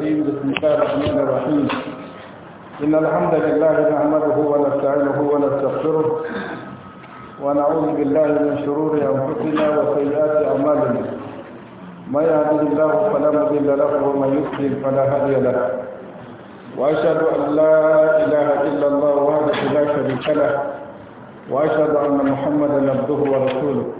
الرجيم بسم الله الرحمن الرحيم إن الحمد لله نعمله ونستعينه ونستغفره ونعوذ بالله من شرور أنفسنا وسيئات أعمالنا ما يهدي الله فلا مضل له ومن يضلل فلا هادي له وأشهد أن لا إله إلا الله وحده لا شريك له وأشهد أن محمدا عبده ورسوله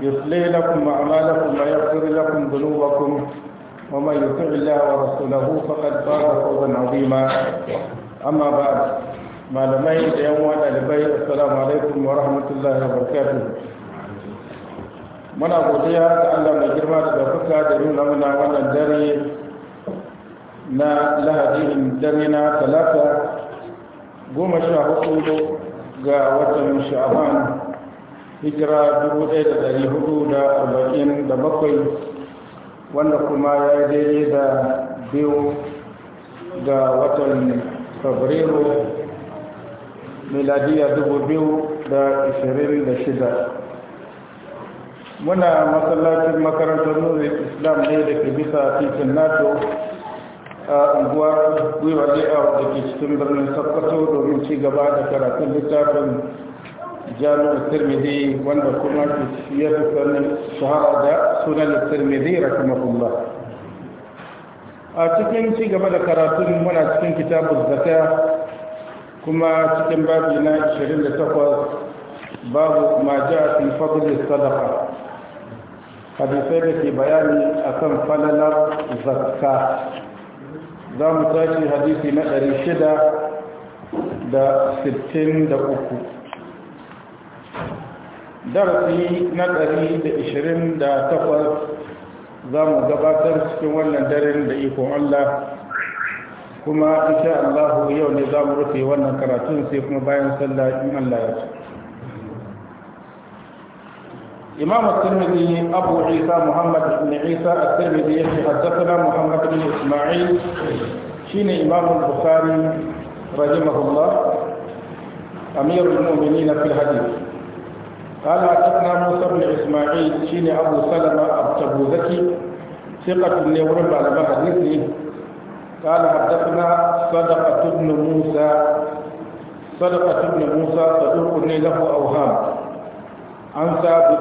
يصلي لكم أعمالكم ويغفر لكم ذنوبكم ومن يطع الله ورسوله فقد فاز فوزا عظيما أما بعد ما لم لمي اليوم وانا السلام عليكم ورحمة الله وبركاته من أبو ديا تعالى من جرمى تبقى دلونا من أولا داري نا لها دين دارينا ثلاثة قوم شاهدوا جاء وطن شعبان hijira bakwai wanda kuma ya yi daidai da biyu ga watan fabrairu miladiya shida. muna masallacin makarantar nuri islam ne da ke bisa titin nato a unguwar gwiwa da ke cikin birnin sakkwato domin ci gaba da karatun littafin jami'ar tirmidhi wanda kuma ya fi sanin shahara da sunan tirmidhi rahimahullah a cikin ci gaba da karatun muna cikin kitabun zaka kuma cikin babi na 28 babu ma ja'a fi fadl sadaka. hadisai da ke bayani a kan falalar zakka za mu tashi hadisi na 663 darasi na 128 za mu gabatar cikin wannan darin da ikon Allah kuma isha Allah yau ne za mu rufe wannan karatun sai kuma bayan sallah in Allah ya ce imamu tirmidhi abu isa muhammad ibn isa at-tirmidhi yake haddathana muhammad ibn isma'il shine imamu bukhari rahimahullah amirul mu'minin fil hadith قال حدثنا موسى بن اسماعيل شين ابو سلمه ابو زكي ثقة يورد على حديثه قال حدثنا صدقة بن موسى صدقة بن موسى صدوق له أوهام عن ثابت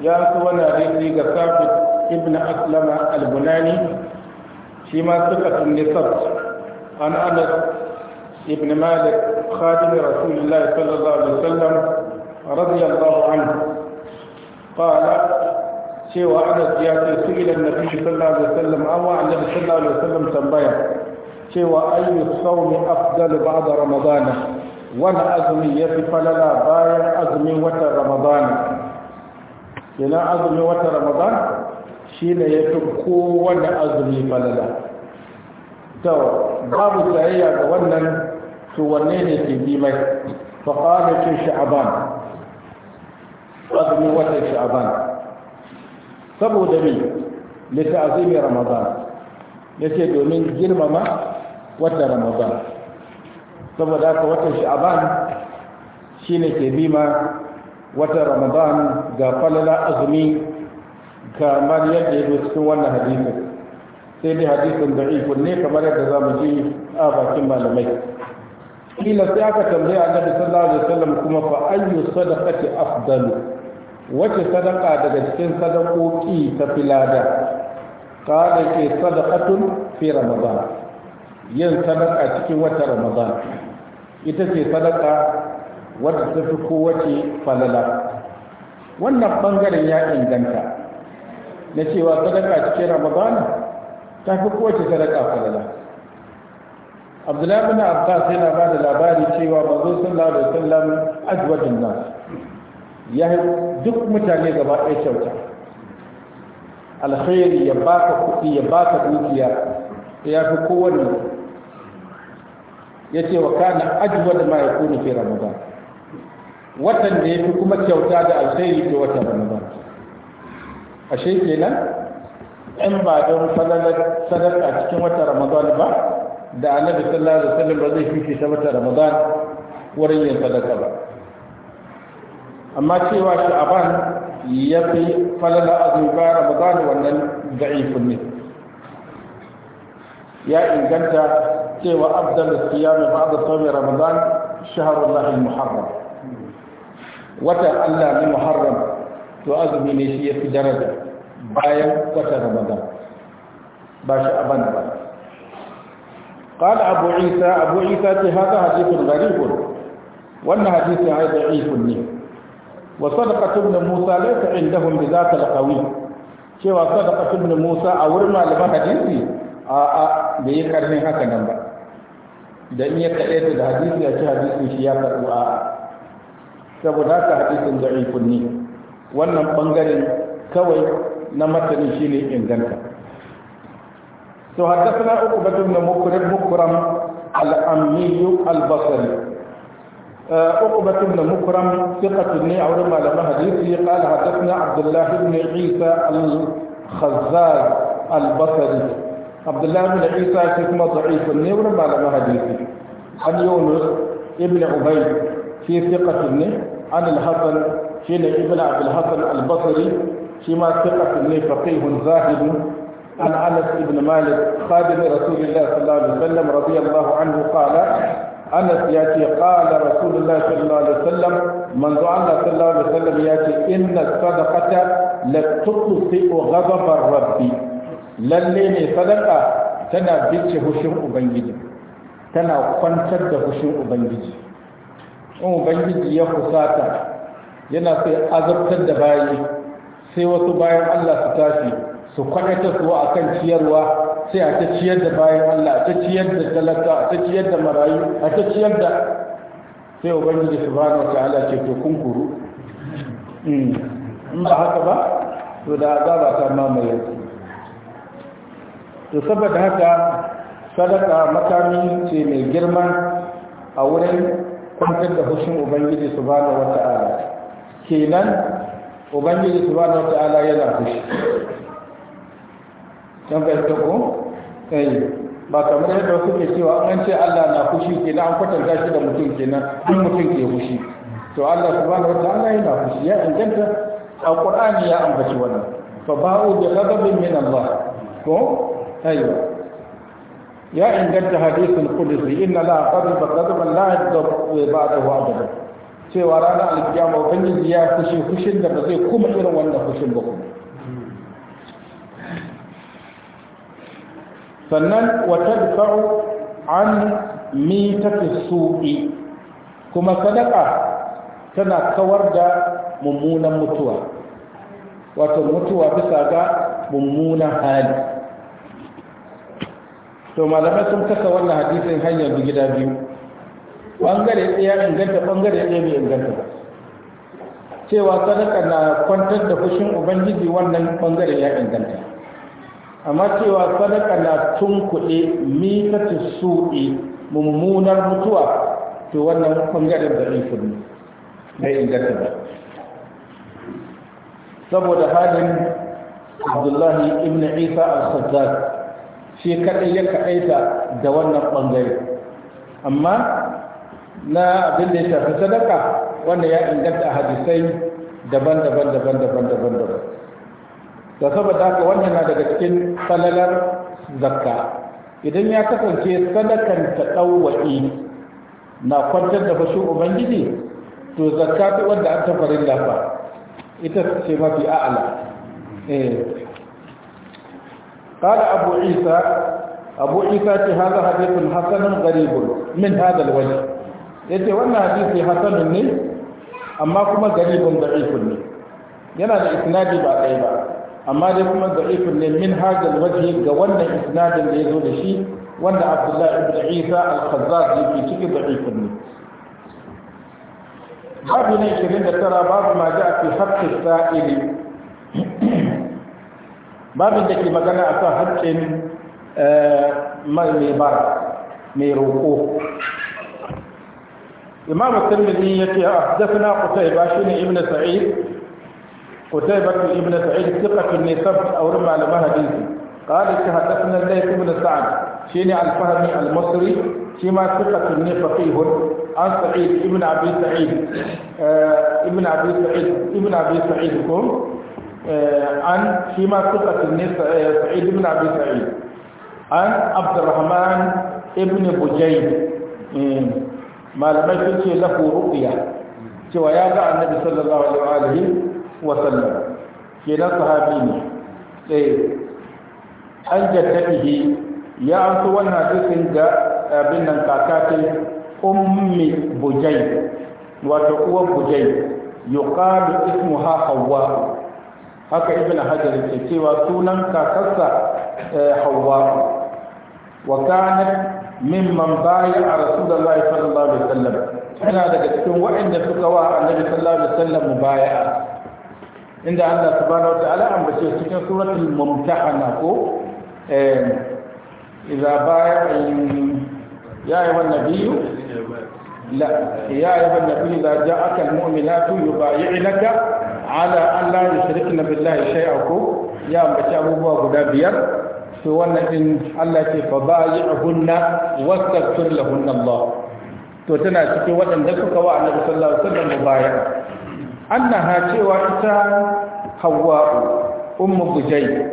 يا سوانا ريسي ثابت ابن أسلم البناني فيما ثقة لصبت عن أنس ابن مالك خادم رسول الله صلى الله عليه وسلم رضي الله عنه قال سوى أنس ياتي سئل النبي صلى الله عليه وسلم أو عن النبي صلى الله عليه وسلم تنبيه سوى أي الصوم أفضل بعد رمضان وأنا أزمي يصف لنا بايع أزمي وتر رمضان إلى أزمي وتر رمضان شين يتبقوا وأنا أزمي فلنا تو babu tsayayya ga wannan to wanne ne ke bi mai faƙalar ce sha'aban azumin watan sha'aban saboda me litazimi ramadan ce domin girmama watan ramadan saboda ka watan sha'aban shi ne ke bima watan ramadan ga falala azumi kamar yadda ya cikin wannan hadisin sai dai hadisin da ikon ne kamar yadda za mu ji a bakin malamai kila sai aka tambaya annabi sallallahu alaihi wasallam kuma fa ayyu sadaqati afdalu wace sadaka daga cikin sadakoki ta filada kada ke sadakatun fi ramadan yin sadaka cikin wata ramadan ita ce sadaka wadda ta fi kowace falala wannan bangaren ya inganta na cewa sadaka cikin ramadan ta fi kowace sadaka falala abdullahi bin abbas yana ba da labari cewa manzo sallallahu alaihi wasallam azwajin nas ya duk mutane gaba ɗaya kyauta alkhairi ya baka kuɗi ya baka dukiya ya fi kowanne ya ce wa kana ajwad ma ya kuni fi ramadan watan da ya fi kuma kyauta da alkhairi ke watan ramadan ashe kenan in ba don falalar sadaka cikin watan ramadan ba da annabi sallallahu alaihi wasallam ba zai fifi ta watan ramadan wurin yin sadaka ba amma cewa sha'aban ya fi falala azumi bayan ramadan wannan da'ifun ne ya inganta cewa abdal siyami ba'da sawmi ramadan shahrullah al-muharram watan Allah ne muharram to azumi ne shi ya fi daraja bayan watan ramadan ba sha'aban ba قال أبو عيسى أبو عيسى هذا حديث غريب وأن حديث هذا ضعيف لي wa sadaqatu ibn Musa laysa indahum bi zaka al-qawi cewa sadaqatu ibn Musa a wurin malaman hadisi a a da yi karnin haka nan ba dan ya kaɗaita da hadisi ya ce hadisin shi ya karɓu a saboda haka hadisin da'ifun ne wannan bangaren kawai na matanin shine inganta to haddathana uqbatu ibn mukrib al-ammi al-basri آه، عقبة بن مكرم ثقة بن أو رمى لما قال حدثنا عبد الله بن عيسى الخزاز البصري عبد الله بن عيسى شكمة ضعيف بن ورمى لما حديثي عن يونس ابن عبيد في ثقة بن عن الحسن في ابن عبد الحسن البصري فيما ثقة بن فقيه زاهد عن انس بن مالك خادم رسول الله صلى الله عليه وسلم رضي الله عنه قال انس ياتي قال رسول الله صلى الله عليه وسلم من دعا صلى الله عليه وسلم ياتي ان الصدقه لتطفئ غضب الرب lalle ne sadaka tana bice hushin ubangiji tana kwantar da hushin ubangiji in ubangiji ya husata yana sai azabtar da bayi sai wasu bayan allah su tashi su kuwa a kan ciyarwa sai a ta ciyar da bayan Allah a ta ciyar da talaka a ta ciyar da marayu a ta ciyar da sai ubangiji su bane wata ala ce to kun kuru hmm. in ba haka ba to da ba ta mamaye to saboda haka sadaka makami ce mai girma a wurin kwantar da hushin ubangiji su bane wata ala kenan ubangiji su bane wata ala yana hushi don bai ta ko kai ba kamar yadda wasu ke cewa an ce Allah na fushi na an kwatanta shi da mutum na duk mutum ke fushi to Allah subhanahu wataala yana fushi ya inganta alqur'ani ya ambaci wannan fa ba'u bi ghadabin min Allah ko kai ya inganta hadithul qudsi inna la qadaba qadaban la yadbu ba'dahu abada cewa ranar alkiyama ubangiji ya fushi fushin da ba zai kuma irin wannan fushin ba kuma sannan wata dafa'u an ta su'i kuma sadaka tana kawar da mummunan mutuwa wato mutuwa bisa ga mummunan hali to malamai sun kasa wannan hadisin hanyar gida biyu bangare ɗaya inganta bangare ɗaya bai inganta cewa sadaka na kwantar da fushin ubangiji wannan bangare ya inganta amma cewa sadaka na tun tunkuɗe mitatu su'i mummunar mutuwa to wannan gadin da ifin bai inganta ba saboda halin abdullahi ibn isa al-sazzar shi kaɗai ya kaɗaita da wannan ɓangare amma na abin da ya shafi sadaka wannan ya inganta hadisai daban-daban daban-daban daban-daban da saboda haka wannan na daga cikin salalar zakka idan ya kasance sadakan ta ɗauwa'i na kwantar da fashin ubangiji to zakka ta wanda an tafari lafa ita ce mafi a'ala قال أبو عيسى أبو عيسى في هذا حديث حسن غريب من هذا الوجه yace wannan hadisi hasanun ne amma kuma garibin da'ifun ne yana da isnadi ba kai ba amma dai kuma da'ifin ne min hajjal waje ga wannan isnadin da ya zo da shi wanda abdullahi ibn isa al-khazzaz yake ciki da'ifin ne babu ne 29 babu ma ja'a fi haqqi sa'ili babin da ke magana a akan haƙƙin eh, mai mai bar mai roƙo imam at kusa ya ba shi ne ibn sa'id قتيبة بن سعيد ثقة بن سبت أو رمى على مهديسي قال حدثنا الليث بن سعد شيني الفهمي المصري شيما ثقة بن فقيه عن سعيد ابن أبي سعيد ابن أبي سعيد ابن أبي سعيد كم عن شيما ثقة بن سعيد ابن أبي سعيد عن عبد الرحمن ابن بجيد ما لم يكن له رؤيا cewa ya ga annabi sallallahu alaihi wasallam ke kenan sahabi ne sai eh, an jaddadihi ya su wannan cikin ga abin nan kakatin ummi bujai wato uwa bujai yuqalu ismuha hawwa haka ibn hajar ke cewa sunan kakarsa eh, hawwa wa kanat mimman bai'a rasulullahi sallallahu alaihi wasallam tana daga cikin wa'anda suka wa annabi sallallahu alaihi wasallam mubaya'a inda Allah subhanahu wataala bace cikin suratul mumtahana ko eh idza ba'a ya ayyuhan nabiyyu لا يا أيها النبي إذا جاءك المؤمنات يبايعنك على أن لا يشركن ko. Ya يا مشاء abubuwa guda biyar. su wannan din Allah ce fa bayi wastaghfir lahunna Allah to tana cikin waɗanda suka wa Annabi sallallahu alaihi wasallam baya annaha cewa ita hawa'u ummu bujai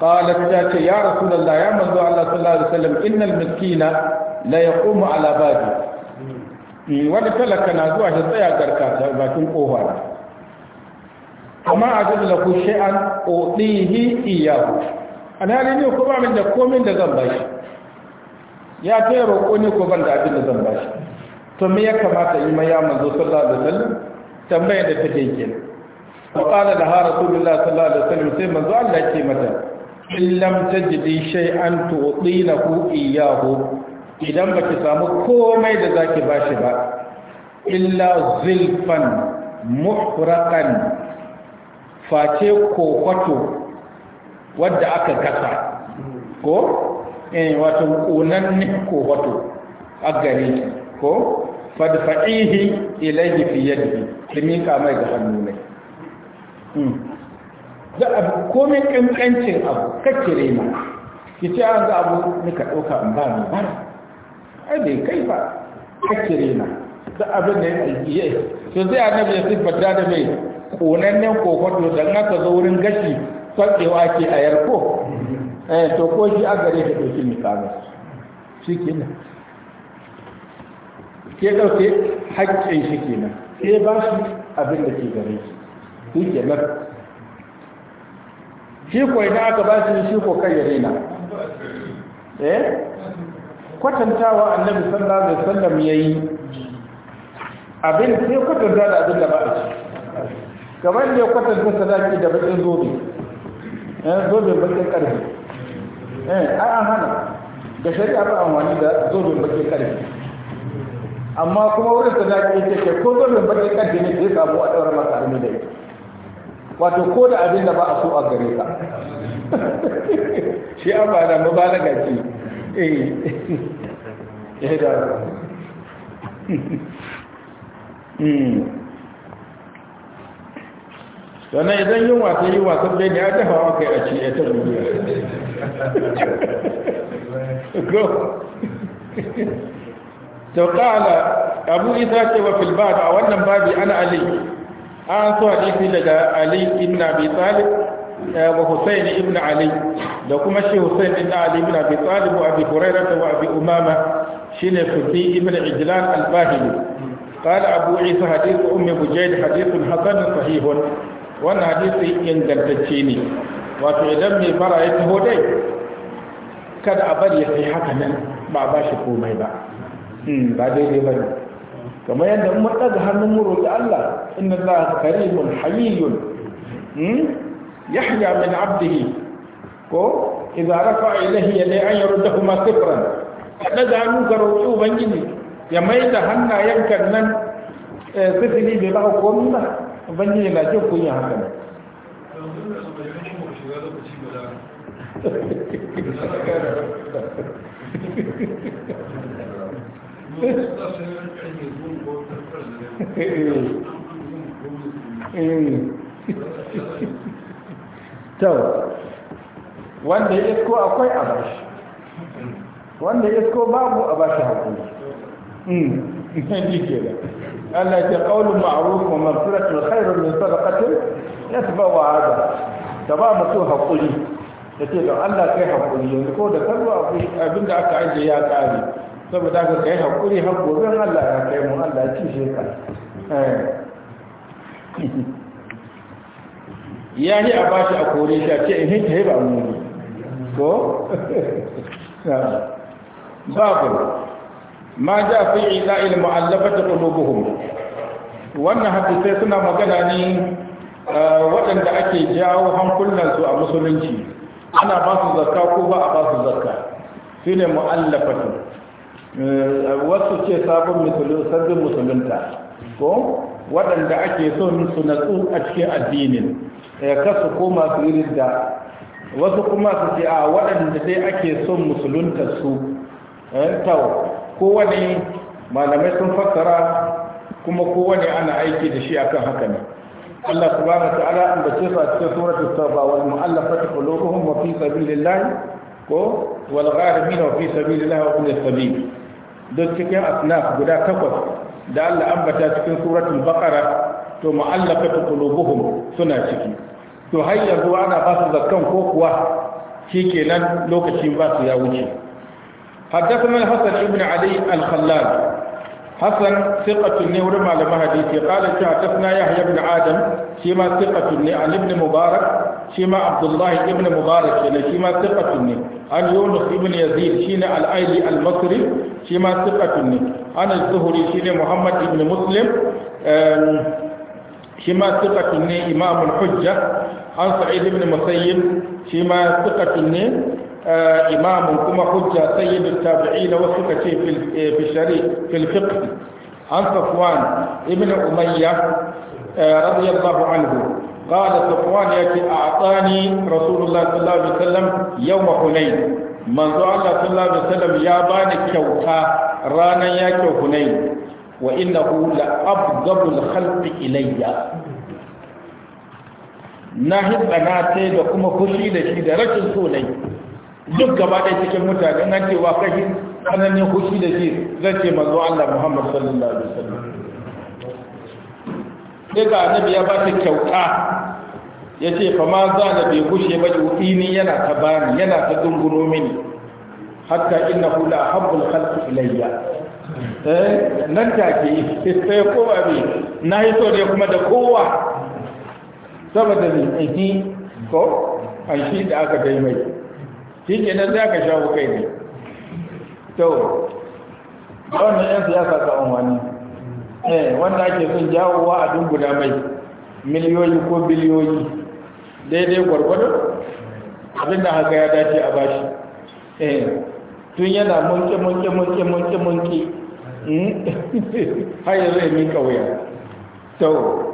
qalat ta ce ya rasulullah ya manzo Allah sallallahu alaihi wasallam innal miskina la yaqumu ala babi wani talaka na zuwa shi tsaya garka bakin kofa amma a jin da ku shi'an ƙoɗihi iyahu a nari ne kuma min da komin da zan bashi ya ta roƙo ne ko ban da abin da zan bashi to me ya kamata in ma ya manzo sallallahu alaihi wasallam tambayar da take kenan wa qala laha rasulullah sallallahu alaihi wasallam sai manzo Allah ke mata in lam tajidi shay'an tu'tinahu iyyahu idan baki samu komai da zaki bashi ba illa zilfan muhraqan face kokwato wadda aka kasa ko eh wato kunan ne kokwato a gare ko fadfa'ihi ilayhi fi yadihi ki mika mai ga hannu ne hmm. da abu kome kankancin abu kake rena ki ce an ga abu ni ka ɗauka in ba mai bara ai bai kai ba kake rena da abu da ya yi to sai annabi ya siffata da mai ko kokoto dan haka zo wurin gashi fakewa ke a yarko eh to ko shi a gare ka ɗauki mika mai shi kenan ke ɗauke haƙƙin shi nan sai ba shi abin da ke gare shi shi kenan shi ko idan aka ba shi shi ko kai ya rena eh kwatantawa annabi sallallahu alaihi wasallam yayi abin sai kwatanta da abin da ba shi kamar ne kwatanta sadaki da bakin zobe eh zobe bakin karfi eh ai an hana da shari'a ba amfani da zobe bakin karfi amma kuma wurin zaka yi ce ko gurbin bakin kan ne sai samu a daura masa hannu da ita wato ko da abin da ba a so a gare ka shi an ba mubalaga ce eh eh da hmm sannan idan yin wasa yi wasa bai da ya dafa wa kai a ci ya ta duniya to qala abu isa ce wa fil bab a wannan babi ana ali an so hadisi daga ali ibn abi talib eh, wa husayn ibn ali da kuma shi husayn ibn ali ibn abi talib wa abi hurairah wa abi umama shine fudi ibn ijlan al-bahili قال أبو عيسى حديث أم بجيد حديث حسن صحيح وأن حديث ينجلتشيني وفي دمي برا يتهودي kada a bari ya sayi haka nan ba ba komai ba Hmm, ba daidai ba ne kamar yadda mun ɗaga hannun mu roƙi Allah inna Allah karimun hayyun hmm? yahya min abdihi ko idza rafa ilayhi dai an yaruddahu ma da ɗaga hannun ka roƙi ubangiji ya mai da hannayenka nan eh, sifili bai ba mun ba ubangiji na ku kunya haka Thank you. wanda ya isko akwai a bashi wanda ya isko babu a bashi haƙuri hmm. Allah ya ƙaunin ma'aruf wa mafiratun khairun min sadaqatin ya taba wa hada da ba mutum haƙuri da ce da Allah kai haƙuri yanzu ko da kallo abin da aka ajiye ya ƙare saboda ka kai haƙuri har gobe Allah ya kai mu Allah ya cishe ka eh. ya yi a bashi a kore shi a ce in hinta ya ba mu ne ko babu ma ja fi iza il mu'allafati qulubuhum wannan hadisai suna magana ne eh, waɗanda ake jawo hankulansu a musulunci ana ba su zakka ko ba a ba su zakka shine mu'allafatu Eh, wasu ce sabon musulun sabbin musulunta ko waɗanda ake son su natsu a cikin addinin ya eh, kasu ko masu yi ridda wasu kuma su ce a waɗanda dai ake son musulunta su eh, tau wani malamai sun fassara kuma ko wani ana aiki da shi akan haka ne Allah subhanahu wa ta'ala an bace su a cikin suratul tauba wal mu'allafati qulubuhum wa fi sabilillah ko wal gharimina wa fi sabilillah wa ibn sabil don cikin asnaf guda takwas da Allah ambata cikin suratul baqara to mu'allafatu qulubuhum suna ciki to har yanzu ana ba su zakkan ko kuwa shikenan lokacin ba su ya wuce حدثنا الحسن ابن علي الخلال حسن ثقة لي ورمى لما حديثي قال حدثنا يحيى بن آدم فيما ثقة لي عن ابن مبارك shi ma abdullahi ibn mubarak kenan shi ma sifatun ne an yunus ibn yazid shine al-aili al-masri shi ma sifatun ne an az-zuhri shine muhammad ibn muslim shi ma sifatun ne imam al-hujja an sa'id ibn musayyib shi ma sifatun ne imam kuma hujja sayyid at-tabi'in wa suka ce fi shari' fil fiqh an safwan ibn umayyah radiyallahu anhu قال صفوان يكي أعطاني رسول الله صلى الله عليه وسلم يوم حنين منذ الله صلى الله عليه وسلم يا باني كوتا رانا ياكي حنين وإنه لأبغض الخلق إلي ناهد أنا سيد وكما خشي لشي درجة سولي duk gaba ɗaya cikin mutane nan cewa kai tsananin hushi da shi zai ce manzo Allah Muhammad sallallahu alaihi wasallam sai ga annabi ya ba ta kyauta ya ce fa ma za da bai gushe ba ni yana ta bani yana ta dunguno mini hatta inna hula habbul khalqi ilayya eh nan ta ke sai ko abi na yi ne kuma da kowa saboda ni ehi ko ai shi da aka dai mai shi ke nan za ka shawo kai ne to wannan yan siyasa ta wani eh wanda ake son jawowa a dunguda mai miliyoyi ko biliyoyi daidai gwargwado abinda haka ya dace a bashi eh tun yana munke munke munke munke munke hmm? haya zai ya mika wuya to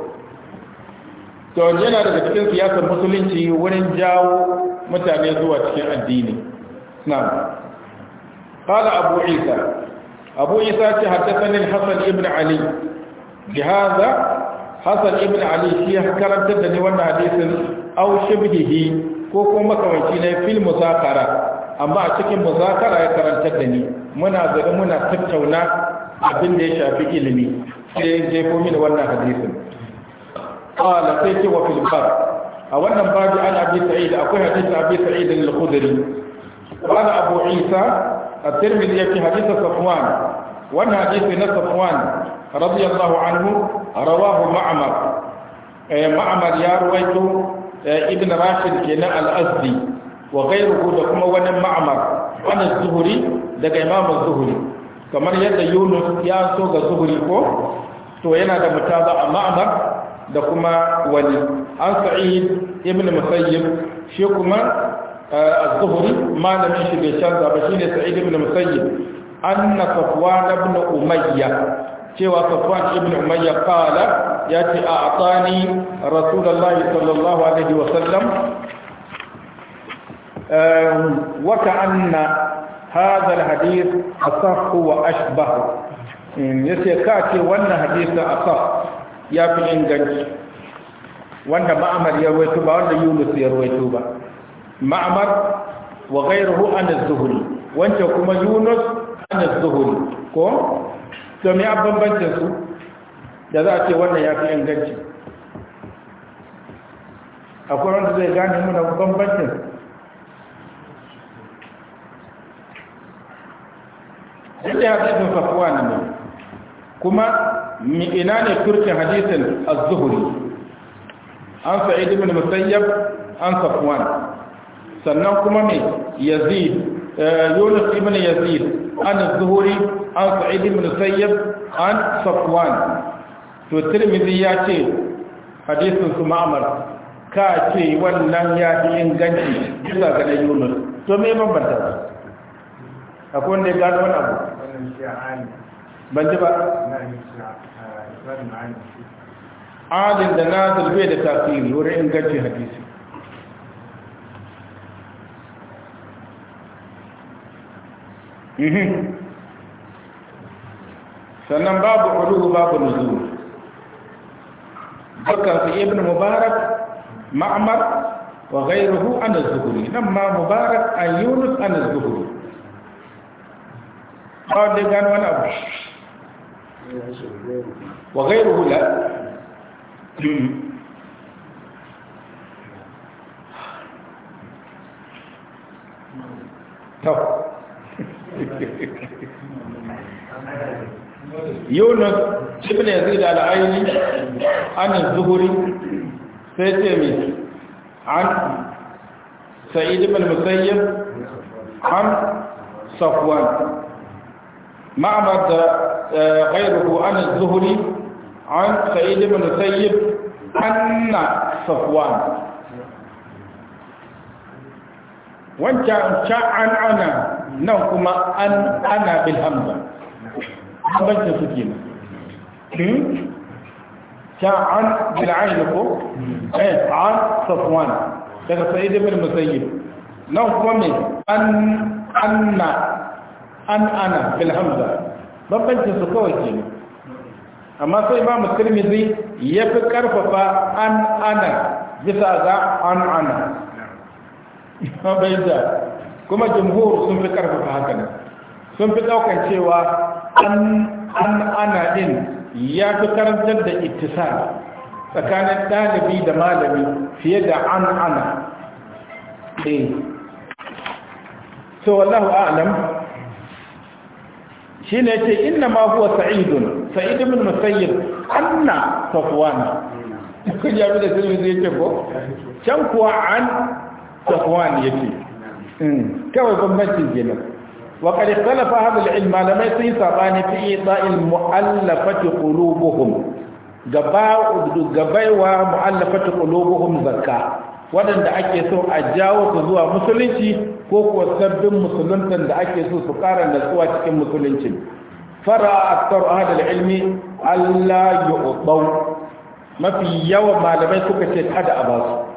yana daga cikin siyasar musulunci wurin jawo mutane zuwa cikin addini na قال أبو عيسى abu isa ce haddathani hasan ibn ali bi hadha ibn ali shi ya karantar da ni wannan hadisin aw shibhihi ko kuma makamanci ne fil muzakara amma a cikin muzakara ya karantar da ni muna zaga muna tattauna abin da ya shafi ilimi sai ya jefo mini wannan hadisin qala sai ce wa fil bab a wannan babu an akwai abu isa الترمذي في حديث صفوان وانا حديث ابن صفوان رضي الله عنه رواه معمر معمر يا رويت ابن راشد كنا الأزدي وغيره لكم وانا معمر عن الزهري لك امام الزهري كما يد يونس يا سوق الزهري كو تو ينا دا متابع معمر da كما ولي an sa'id ibn musayyib shi A zuhri malamin shi bai canza ba shine sa'id ibn musayyib anna safwan ibn umayya cewa safwan ibn umayya qala yati a'tani rasulullahi sallallahu alaihi wa sallam wa ka'anna hadha al-hadith asah wa ashbah yace ka ce wannan hadisi asah ya fi inganci wanda ma'amar ya rawaito ba wanda yunus ya rawaito ba ma'amar wa ghayruhu an az-zuhri kuma yunus an az ko to me abambancin su da za a ce wannan ya fi inganci akwai wanda zai gane muna bambancin duk da hadisin fafuwa ne kuma ina ne turkin hadisin az-zuhri an sa'id ibn musayyab an safwan sannan kuma mai yazid eh, yunus ibn yazid an zuhuri an sa'id ibn sayyid an safwan to tirmidhi ya ce hadisin su ma'amar ka ce wannan ya fi inganci bisa ga yunus to me bambanta akwai wanda ya gano wani abu ban ji ba adin da na zalbe da tasiri wurin ingancin hadisi Mhm. sannan babu uluhu babu nuzul dukkan su ibn mubarak ma'mar wa ghayruhu an az nan ma mubarak an yunus an az-zuhri aw gani gan wani abu wa ghayruhu la hmm. to يونس ابن يزيد على عيني عن الزهري سيتمي عن سعيد بن المسيب عن صفوان معمد غيره عن الزهري عن سعيد بن المسيب عن صفوان وانت شاء عن انا nan kuma an ana bil hamza habancin su ke nan can hmm? an bil ayin ko eh an safwan daga sa'id ibn musayyib nan kuma me an anna an ana bil hamza bambancin su kawai ke nan amma sai ba musulmi zai ya fi karfafa an ana bisa ga an ana bai da kuma jumhur sun fi karfafa haka sun fi daukan cewa an ana din ya fi karantar da ittisal tsakanin ɗalibi da malami fiye da an ana eh so wallahu a'lam shine yace inna ma huwa sa'idun sa'id min musayyib anna safwan kun ya bi da sirri zai ce ko can kuwa an safwan yake Hmm. kawai bambancin kenan wa qad ikhtalafa hadha da ilm malamai sun saɓani fi ita'il mu'allafati qulubuhum gabaiwa mu'allafati qulubuhum zakka waɗanda ake so a jawo su zuwa musulunci ko kuwa sabbin musuluntan da ake so su ƙara natsuwa cikin musulunci fara a ahad al-ilmi Allah yu'taw mafi yawa malamai suka ce kada a basu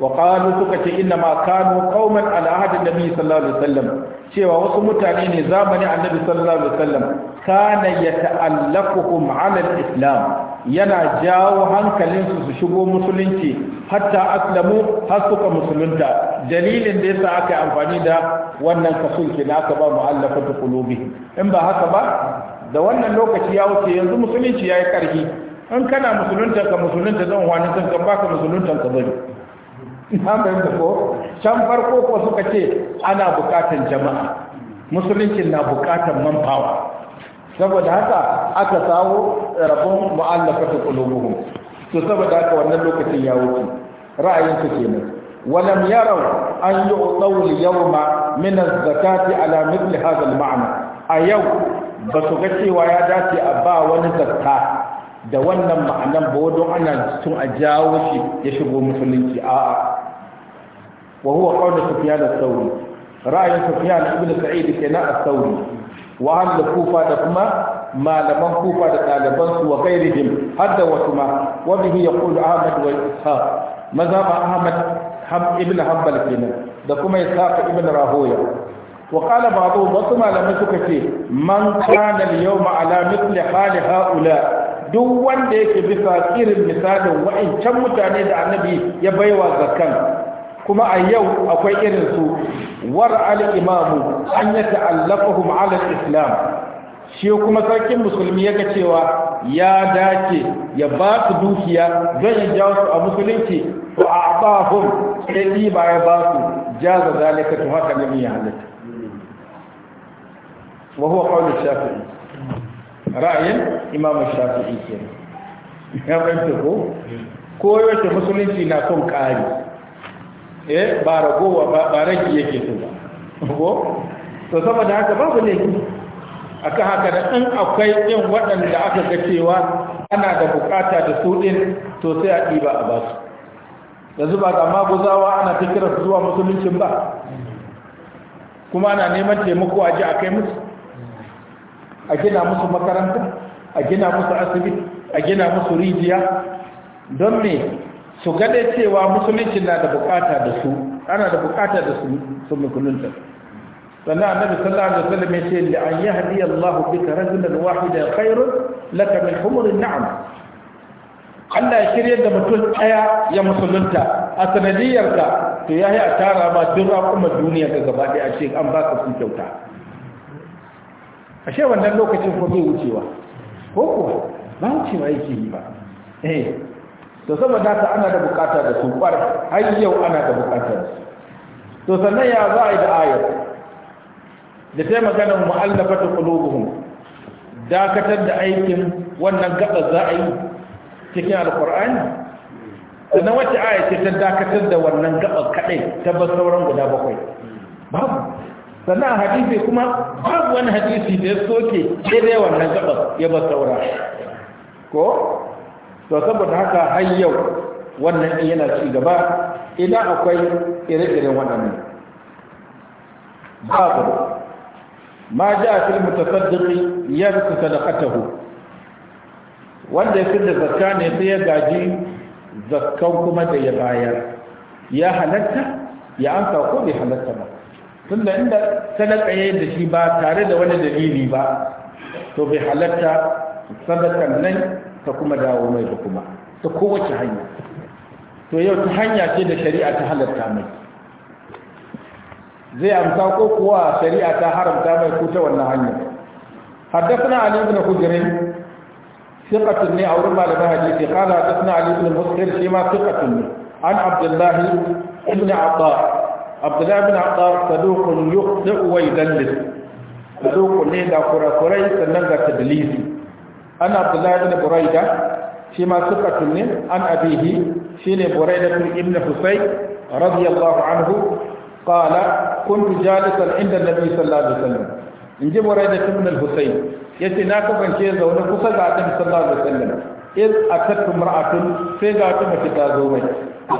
وقالوا سكت إنما كانوا قوما على عهد النبي صلى الله عليه وسلم cewa wasu mutane ne zamani annabi sallallahu alaihi wasallam kana yata'allaquhum 'ala al-islam yana jawo hankalin su su shigo musulunci hatta aslamu har suka musulunta dalilin da yasa aka amfani da wannan kasul ke aka ba in ba haka ba da wannan lokaci ya wuce yanzu musulunci yayi karfi in kana musulunta ka musulunta zan wani san kan baka musulunta ka bari na ko can farko ko suka ce ana bukatan jama'a Musulunci na bukatan manfawa saboda haka aka samu rabon mu'allafatu qulubuhum to saboda haka wannan lokacin ya wuce ra'ayin su kenan az-zakati ala mithli hadha al-ma'na ayaw ba su ga cewa ya dace a ba wani zakka da wannan ma'anan ba wadon ana sun a jawo shi ya shigo musulunci a'a wa huwa qawl Sufyan al-Thawri ra'ayin Sufyan ibn Sa'id kenan al-Thawri wa ahli Kufa da kuma malaman Kufa da ɗaliban su wa ghairihim hadda wasu ma wa bihi yaqulu Ahmad wa Ishaq Ahmad ibn kenan da kuma ibn وقال بعضهم وسمع لما سكتي من كان اليوم على مثل حال هؤلاء duk wanda yake bisa irin misalin can mutane da annabi ya baiwa zakan kuma a yau akwai irin su war al-imamu an ya ta'allafahum ala islam shi kuma sarkin musulmi yake cewa ya dace ya ba su dukiya zai yi jawo su a musulunci to a abahum sai ba ya ba su jaza zalika to haka ne ya halatta wa huwa qawl shafi'i ra'ayin imam shafi'i kenan ya bayyana ko ko yake musulunci na son ƙari eh ba ragowa ba ragi yake so ba ko to saboda haka babu laifi aka haka da in akwai din waɗanda aka ga cewa ana da bukata da su din to sai a ɗiba a basu yanzu ba ga guzawa ana ta zuwa musuluncin ba kuma ana neman taimako a ji a kai musu a gina musu makaranta a gina musu asibiti a gina musu rijiya don me su gade cewa musulunci na da bukata da su ana da bukata da su su musulunta sannan annabi sallallahu alaihi wasallam ya ce li an yahdi Allahu bika rajulan wahida khairun laka min humur an'am Allah ya kiryar da mutum daya ya musulunta a sanadiyar ka to yi a tara ma duk kuma duniya ga gaba a ce an baka su kyauta ashe wannan lokacin ko bai wucewa ko ko ba wucewa yake yi ba eh to saboda haka ana da bukata da su kwar har yau ana da bukata da su to sannan ya za a yi da ayar da sai maganar mu'allafatu qulubuhum dakatar da aikin wannan gaba za a yi cikin alqur'ani sannan wacce aya ce ta dakatar da wannan gaba kadai ta bar sauran guda bakwai babu sannan hadisi kuma babu wani hadisi da ya soke daidai wannan gaba ya ba saura ko to saboda haka har yau wannan yana ci gaba idan akwai ire-iren waɗannan babu ma ja a filin mutasaddiƙi ya fi sadaqatahu wanda ya fi da zakka ne sai ya gaji zakkan kuma da ya bayar ya halatta ya amsa ko bai halatta ba tunda inda sadaka yayin da shi ba tare da wani dalili ba to bai halatta sadakan nan ta kuma dawo mai da kuma ta kowace hanya to yau ta hanya ce da shari'a ta halatta mai zai amsa ko kuwa shari'a ta haramta mai ko ta wannan hanya حدثنا علي بن حجر ثقة لي أو ربما لما حديثي قال حدثنا علي بن مسهر فيما ثقة لي عن عبد الله بن عطاء عبد الله بن عطاء صدوق يخطئ ويدلس صدوق لي دا كرة كرة سنن تدليسي أنا عبد الله بن بريدة فيما ثقة منه عن أبيه فين بريدة بن حسين رضي الله عنه قال كنت جالسا عند النبي صلى الله عليه وسلم إن جب بريدة بن الحسين يتي ناكو كان شيء زونه قصد صلى الله عليه وسلم إذ أتت امرأة سيغا تمتازومي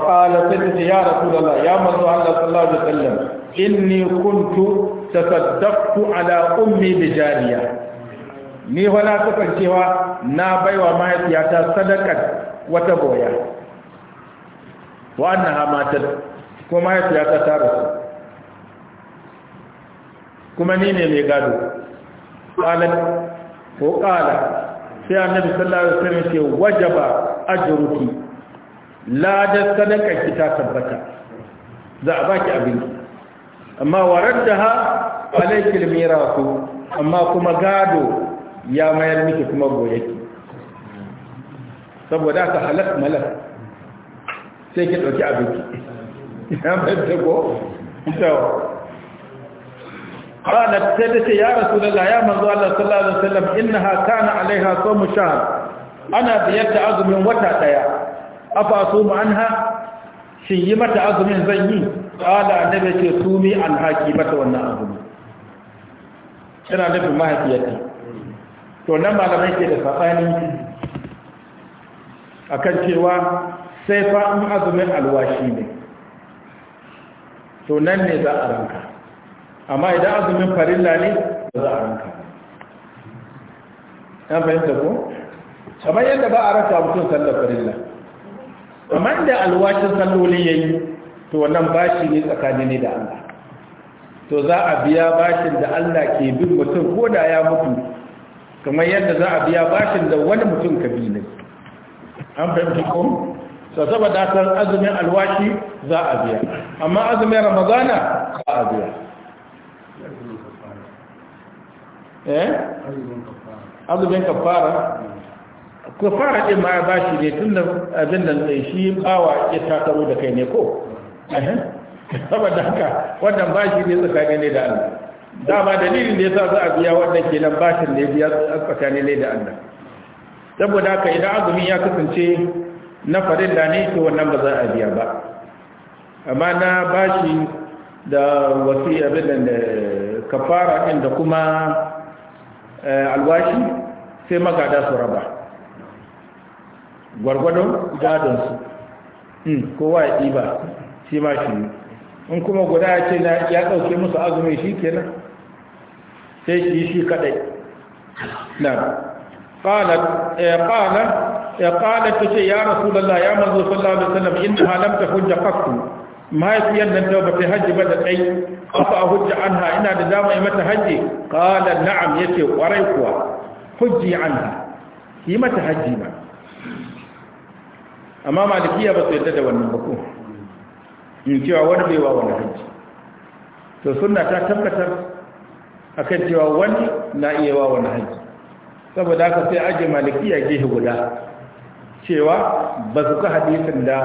قال سيدتي يا رسول الله يا مرضو الله صلى الله عليه وسلم إني كنت تصدقت على أمي بجارية ni fa na sukan cewa na baiwa mahaifiyata sadakar wata boya wa annaha matat ko mahaifiyata ta rasu kuma ni ne mai gado qalat ko qala sai annabi sallallahu alaihi wasallam ce wajaba ajruki la da sadaka ki ta tabbata za a baki abin amma waraddaha alaikil mirasu amma kuma gado ya mayar miki kuma goye ki saboda ka halat malar sai ki ɗauki abinci ya mayar da ko isawa ƙaranar sai da ce ya rasu ya laya manzo Allah sallallahu Alaihi wasallam inna ha kana alaiha so mu sha ana biyar da azumin wata daya a faso mu an ha shi yi mata azumin zan yi ƙala na ce su mi an haƙi mata wannan azumin Kina nufin mahaifiyar to nan malamai ke da saɓani a kan cewa sai fa in azumin alwashi ne to nan ne za a ranka amma idan azumin farilla ne za a ranka ya fahimta ko? kamar yadda ba a rasa mutum sallar farilla kamar da alwashin salloli ya yi to wannan bashi ne tsakani ne da Allah to za a biya bashin da Allah ke bin mutum ko da ya mutu kamar yadda za a biya bashin da wani mutum ka bi ne an fahimta ko sa saboda kan azumin alwashi za a biya amma azumin ramadana ba a biya eh azumin kafara kafara din ma bashi ne tun da abin da shi bawa ya ta takaro da kai ne ko saboda haka wannan bashi ne tsakani ne da Allah dama dalilin da ya sa za a biya wannan kenan bashin da ya biya tsakanin ne da Allah saboda haka idan azumi ya kasance na farilla ne to wannan ba za a biya ba amma na bashi da wasiya abin da kafara din da kuma eh, alwashi sai magada su raba su, gadonsu hmm, kowa ya ɗiba shi ma shi in kuma guda ce ya ɗauke musu azumi shi kenan sai shi shi kadai na qalat eh, eh, ya qala ya qala ya rasulullahi ya manzo sallallahu alaihi wasallam inna lam tahujja qattu mahaifiyar nan ta bata hajji ba da kai afa hujja anha ina da dama yi mata hajji qala na'am yace kwarai kuwa hujji anha yi mata hajji ba amma malikiya ba su yadda da wannan ba ko in cewa wani bai wa wani hajji to sunna ta tabbatar akan cewa wani na iya wa wani haji saboda haka sai aje a gehe guda cewa ba su ka hadisin da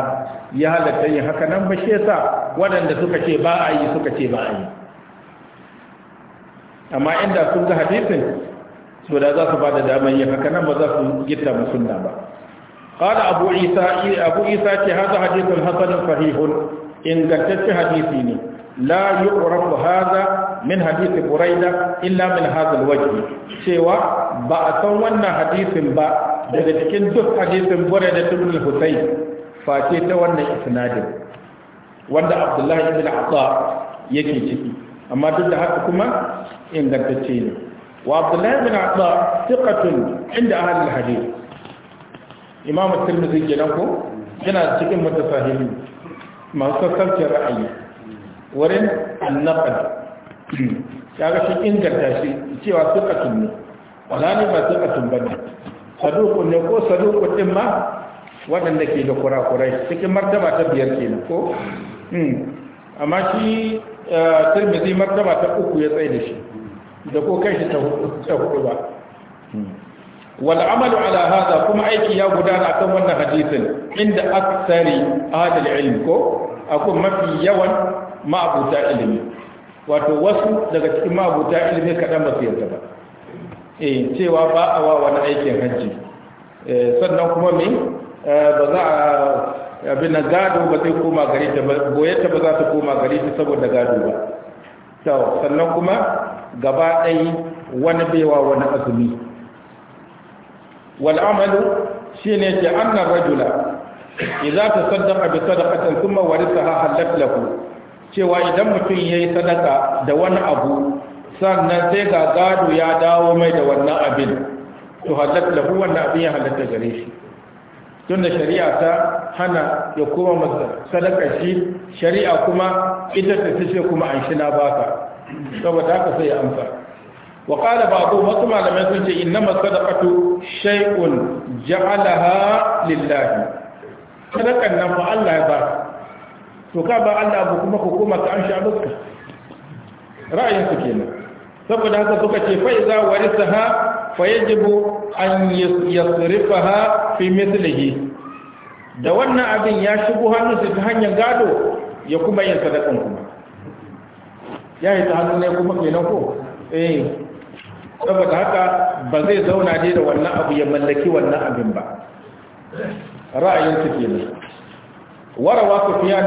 ya halatta yin haka nan ba shi yasa waɗanda suka ce ba a yi suka ce ba a yi amma inda sun ga hadisin so da za su ba da damar yin haka nan ba za su gita musunna ba qala abu isa abu isa ce haka hadisin hasanun sahihun ingantaccen hadisi ne la yu'rafu hadha min hadith buraida illa min hadha alwajh cewa ba a san wannan hadisin ba daga cikin duk hadisin buraida ibn al-husayn face ta wannan isnadin wanda abdullahi ibn asa yake ciki amma duk da haka kuma ingantacce ne wa abdullahi ibn asa thiqatun inda ahli al-hadith imam at-tirmidhi kenan ko yana cikin mutasahihin masu sassaucin ra'ayi wurin Ya ga shi inganta shi cewa suka tunne ba ne ba suka tumbata Saduku ne ko saduku din ma waɗanda ke da kurakurai cikin martaba ta biyar kenan ko hmm. amma shi eh, tirmidhi martaba ta uku ya tsaye da shi da ko kai shi ta hudu ba hmm. wal amalu ala hada kuma aiki ya gudana akan wannan hadisin inda aksari ahadul ilm ko akwai mafi yawan ma'abuta ilimi wato wasu daga cikin ma'abuta ilimi kaɗan ba su yarda ba eh cewa ba a wa wani aikin hajji eh, sannan kuma me eh, ba za a abin gado ba zai koma gari ta ba ta ba za ta koma gari ta saboda gado ba to sannan kuma gaba ɗaya wani baiwa wani azumi wal amalu shine ke annar rajula idza tasaddaqa bi sadaqatin thumma warithaha halat lahu cewa idan mutum ya yi sadaka da wani abu sannan sai ga gado ya dawo mai da wannan abin to halatta lahu wannan abin ya halatta gare shi da shari'a ta hana ya koma masa sadaka shi shari'a kuma ita ta ce kuma an shi na baka saboda haka sai ya amsa wa qala ba'du wasu malamai sun ce innama sadaqatu shay'un ja'alaha lillahi sadakan nan fa Allah ya baka to ka ba Allah abu kuma ku koma ka an sha duka ra'ayin kenan saboda haka suka ce fa iza warisaha fa yajibu an yasrifaha fi mithlihi da wannan abin ya shigo hannu su ta hanyar gado ya kuma yin sadakan kuma ya yi ta hannu ne kuma kenan ko eh saboda haka ba zai zauna ne da wannan abu ya mallaki wannan abin ba ra'ayin su kenan وروى سفيان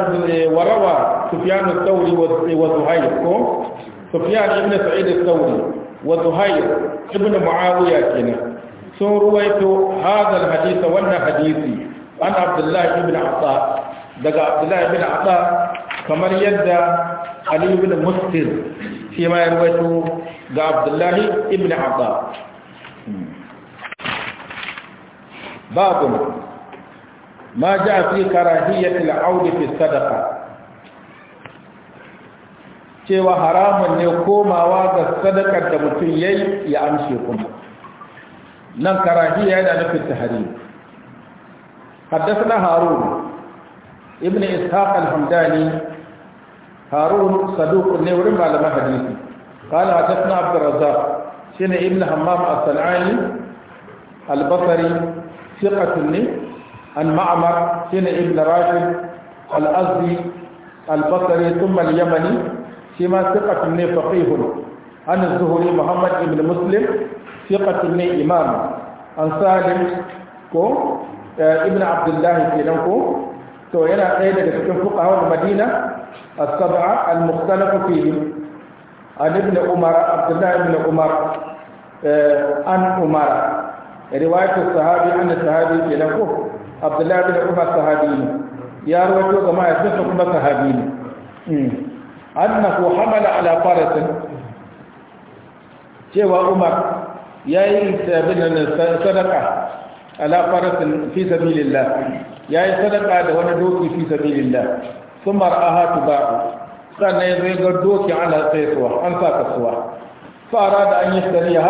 وروى سفيان الثوري وزهير سفيان بن سعيد الثوري وزهير ابن معاوية كنا سن رويت هذا الحديث وانا حديثي عن عبد الله بن عطاء دقى عبد الله بن عطاء كما يدى علي بن مسكر فيما يرويته دقى عبد الله بن عطاء باب ما جاء في كراهية العود في الصدقة cewa haramun ne komawa ga sadakar da mutum ya yi ya amshe kuma nan karahiya yana nufin hari haddasa harun ibn ishaq al harun saduq ne wurin malaman hadisi قال حدثنا عبد الرزاق شنو ابن al الصنعاني البصري ne? عن معمر سين ابن راشد الأزدي البصري ثم اليمني فيما ثقة من فقيه عن الزهري محمد بن مسلم ثقة من إمام عن سالم كو آه، ابن عبد الله في نوكو تو ينا قيد لكتن فقهاء المدينة السبعة المختلف فيهم عن ابن عمر عبد الله بن عمر آه، عن عمر رواية الصحابي عن الصحابي في نوكو abdullahi bin umar sahabi ne ya rawaito ga mahaifinsa kuma sahabi ne hmm. annahu hamala ala farasin cewa umar ya yi sadaka ala farasin fi sabilillah yayi yi sadaka da wani doki fi sabilillah sun aha tuba'u sannan ya zai ga doki ala tsaisuwa an sa kasuwa fara da an yi sariya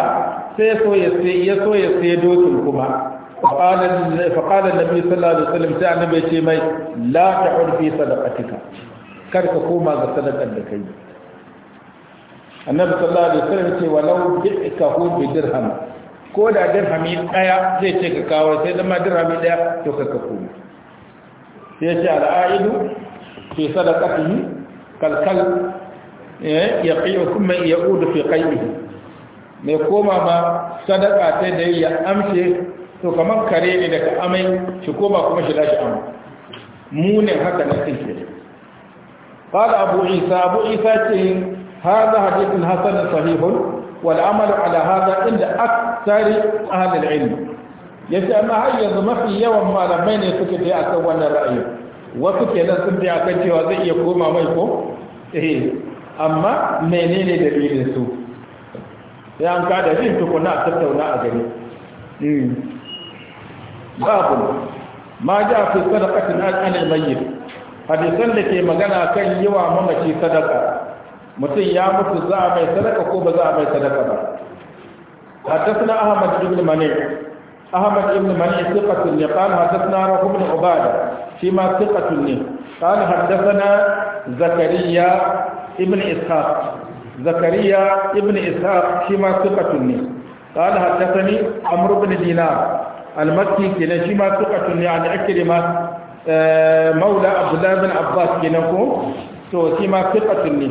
sai ya so ya sai dokin kuma faƙalar nabi sallallahu alaihi wasallam sai annabi ce mai la ta'ud fi sadaqatika kar ka koma ga sadaqar da kai annabi sallallahu alaihi wasallam ce walau bi'ka hu bi dirham ko da dirhami daya zai ce ka kawo sai zama dirhami daya to ka koma sai ce al'aidu fi sadaqatihi kalkal ya qiyu kuma ya udu fi qaybihi mai koma ma sadaka ta da ya amshe to kamar kare ne daga amai shi ko ba kuma shi lashi amai munin haka na tsinke qala abu isa abu isa ce hada hadithun hasan sahihun wal amal ala hada inda aktsar ahli ilmi yace amma har yanzu mafi yawan malamai ne suke da akan wannan ra'ayi wasu kenan sun da cewa zai iya koma mai ko eh amma menene dalilin su sai an ka da jin tukuna a tattauna a gari hmm. babu ma ja fi sadaqatin al-ali mayyit hadisan da ke magana kan yiwa mamaci sadaqa mutum ya mutu za a mai sadaqa ko ba za a mai sadaqa ba hadathna ahmad ibn mani ahmad ibn mani thiqatun ne qan hadathna rahum ibn ubada shi ma thiqatun ne qan hadathna zakariya ibn ishaq zakariya ibn ishaq shi ma thiqatun ne قال حدثني عمرو بن دينار al-makki kenan shi ma suqatun ne an ikrima eh, maula Abdullahi, bin abbas kenan ko to shi ma suqatun ne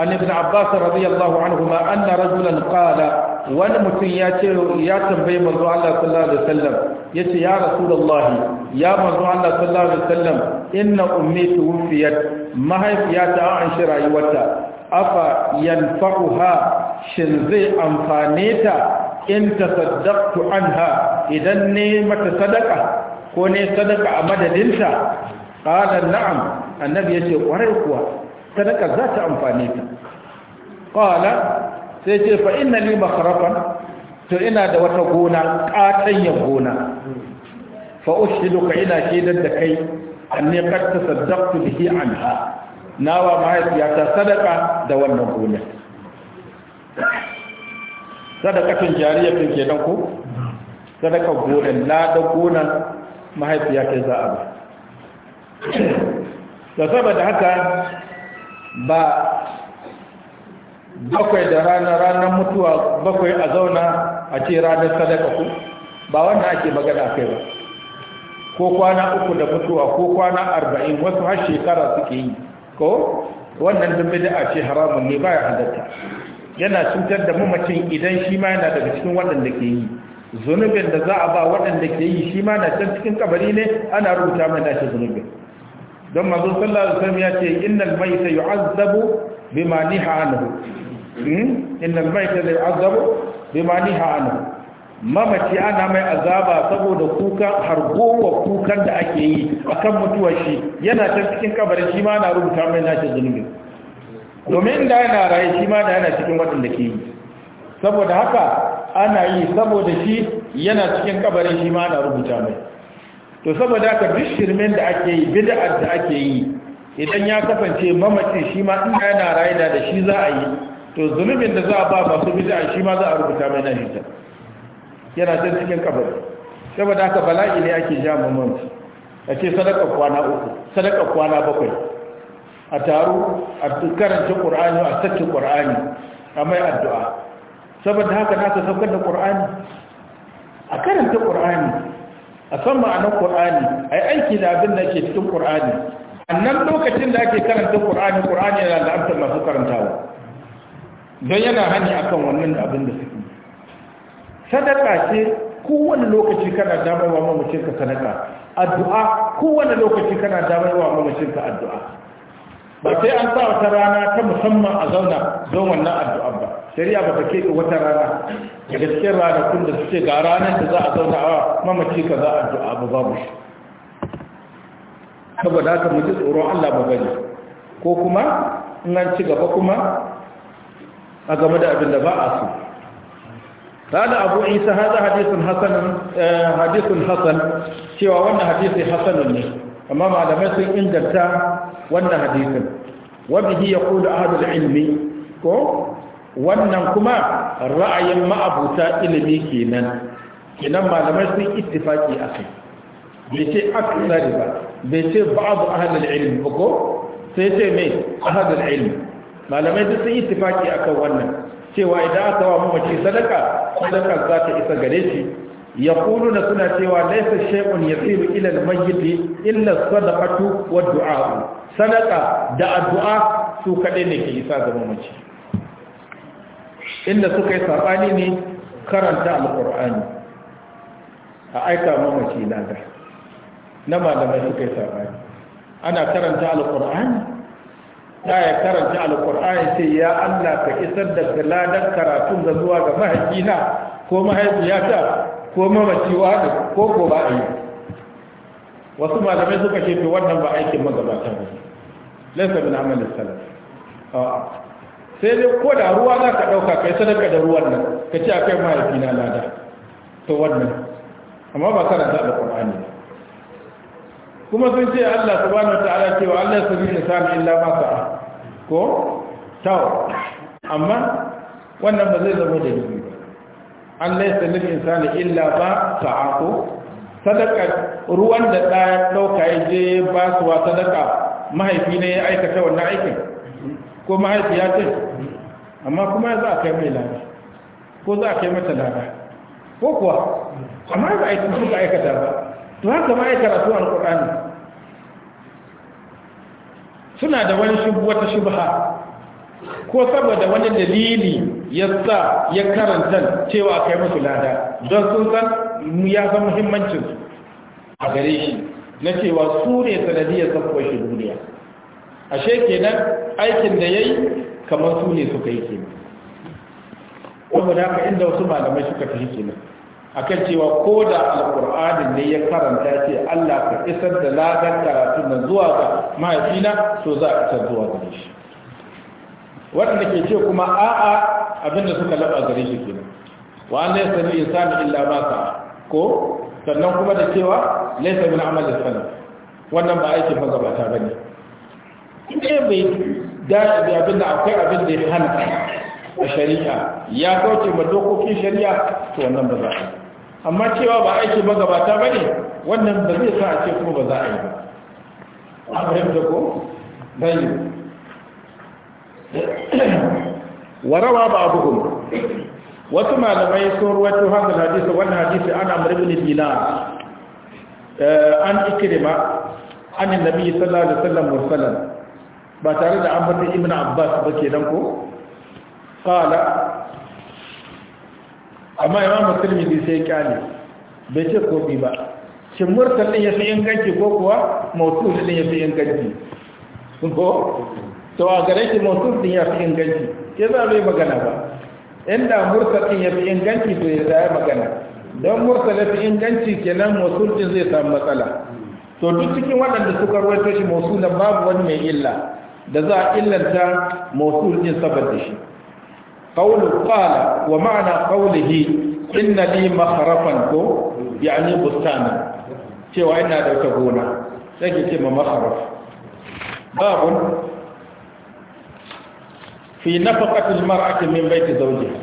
an ibn abbas radiyallahu anhu ma anna rajulan qala wani mutum ya ce ya tambayi manzo Allah sallallahu alaihi wasallam yace ya rasulullah ya manzo Allah sallallahu alaihi wasallam inna ummi tuwfiyat mahaifiyata an Aisha rayuwarta afa yanfa'uha shin zai amfane ta in tasaddaqtu anha idan ne mata sadaka ko ne sadaka a madadinta qala na'am annabi yace kwarai kuwa sadaka za ta amfane ta qala sai ce fa inna li makhrafan to ina da wata gona katanyen gona fa ushiduka ina kidan da kai anni qad tasaddaqtu bihi anha nawa mahaifiyata sadaka da wannan gona sadakatun ke kenan ko sadaka gonan na da gonan mahaifiya ke za a ba da saboda haka ba bakwai da ranar ranar mutuwa bakwai a zauna a ce ranar sadaka ku ba wannan ake magana kai ba ko kwana uku da mutuwa ko kwana arba'in wasu har shekara suke yi ko wannan dumbe da a ce haramun ne ba ya halatta yana cutar da mamacin idan shi ma yana daga cikin waɗanda ke yi zunubin da za a ba waɗanda ke yi shi ma na can cikin kabari ne ana rubuta mai nashi zunubin don mazo sallar da sami ya ce innal azabu bi ma ni ha'anu hmm? innal azabu bi ma ni ha'anu mamaci ana mai azaba saboda kuka hargowa kukan da ake yi akan mutuwar shi yana can cikin kabarin shi ma na rubuta mai nashi zunubin domin da yana rayu shi ma da yana cikin waɗanda ke yi saboda haka ana yi saboda shi yana cikin kabarin shi ma ana rubuta mai to saboda haka duk shirmen da ake yi bid'ar da ake yi idan ya kasance mamaci shi ma in yana rayu da shi za a yi to zulumin da za a ba masu bid'a shi ma za a rubuta mai nan hita yana can cikin kabari saboda haka bala'i ne ake ja mamaci a ce sadaka kwana uku sadaka kwana bakwai a taru a karanta ƙur'ani a sakin ƙur'ani a mai addu'a saboda haka na ka saukar da ƙur'ani a karanta ƙur'ani a san ma'anar ƙur'ani a yi aiki da abin da ke cikin ƙur'ani annan lokacin da ake karanta ƙur'ani ƙur'ani yana da amsar masu karantawa don yana hani kan wannan abin da suke sadaka ce kowane lokaci kana damar wa mamacin ka sadaka addu'a kowane lokaci kana damar wa addu'a ba sai an sa wata rana ta musamman a zauna don wannan addu'a ba shari'a ba ta keɓe wata rana daga cikin ranakun da suke ga ranar da za a zauna a mamaci ka za a addu'a ba babu shi saboda haka mu ji tsoron Allah ba bane ko kuma in an ci gaba kuma a game da abin da ba a so قال أبو عيسى هذا حديث حسن حديث حسن سوى وأن حديث حسن منه amma malamai sun inganta wannan hadisin wani ya kula ahadul ilmi ko wannan kuma ra'ayin ma'abuta ilimi kenan kenan malamai sun ittifaki a kai bai ce aksari ba bai ce ba'adu ahadul ilmi ba ko sai ce mai ahadul ilmi malamai duk sun ittifaki kan wannan cewa idan aka wa mace sadaka sadaka za ta isa gare shi yaquluna suna cewa laysa shay'un yasiru ila al-mayyit illa sadaqatu wa du'a sadaqa da addu'a su kadai ne ke isa ga mamaci inda suka yi sabani ne karanta alqur'ani a aika mamaci lada na malamai suka yi sabani ana karanta alqur'ani da ya karanta alqur'ani sai ya Allah ka isar da ladan karatun da zuwa ga mahaifina ko mahaifiyata ko mamaci waɗa ko ko ba a yi wasu malamai suka ce to wannan ba aikin magabata ba laisa min amalin salaf sai dai ko da ruwa za ka ɗauka kai sadaka da ruwan nan ka ce akai mahaifi na lada to wannan amma ba sa da qur'ani kuma sun ce Allah subhanahu wataala cewa Allah ya sani lisan illa ma sa'a ko taw amma wannan ba zai zama da dubi an laisa lil insani illa ba sa'aku sadaka ruwan da da dauka ya je ba su wa sadaka mahaifi ne ya aikata wannan aikin ko mahaifi ya ce amma kuma za a kai mai lafi ko za a kai mata lada ko kuwa amma ba a yi ka aikata ba to haka ma ya karatu alqur'ani suna da wani wata ha ko saboda wani dalili ya sa ya karanta cewa kai musu lada don sun san ya san muhimmancin a gare shi na cewa su ne sanadiyar sabuwar shi duniya ashe kenan aikin da ya yi kamar su ne suka yi kenan saboda haka inda wasu malamai suka fi shi a akan cewa ko da alkur'anin ne ya karanta ce Allah ka isar da ladar karatun nan zuwa ga mahaifina to za a isar zuwa gare shi waɗanda ke ce kuma a'a abinda suka laɓa gare shi kenan wa an laysa lil insani illa ma sa'a ko sannan kuma da cewa laysa min amal salaf wannan ba aikin magabata bane ne bai da abinda akwai abin da ya hana a shari'a ya kauce ma dokokin shari'a to wannan ba za a yi amma cewa ba aiki magabata ba ne wannan ba zai sa a ce kuma ba za a yi ba a fahimta ko? bayu warawa ba abu wasu malamai sun ruwaito hadal hadisi wannan hadisi ana murbin dinar eh, an ikrima an annabi sallallahu alaihi wasallam mursalan ba tare da an bata ibnu abbas ba kenan ko qala amma yawan musulmi muslimi sai kyale bai ce ko bi ba shin ya fi yafi inganci ko kuwa mawsul din yafi inganci ko to a gare shi motsin din ya fi inganci ke za bai magana ba inda mursalin ya fi inganci to ya zaya magana don mursal ya fi inganci kenan motsin din zai samu matsala to duk cikin waɗanda suka ruwaito shi motsulan babu wani mai illa da za a illanta motsul din da shi qawlu qala wa ma'ana qawlihi inna li makharafan ko yani bustana cewa ina da wata gona sai ke ce ma makharaf babun fi nafaqatil mar'ati min baiti zawjiha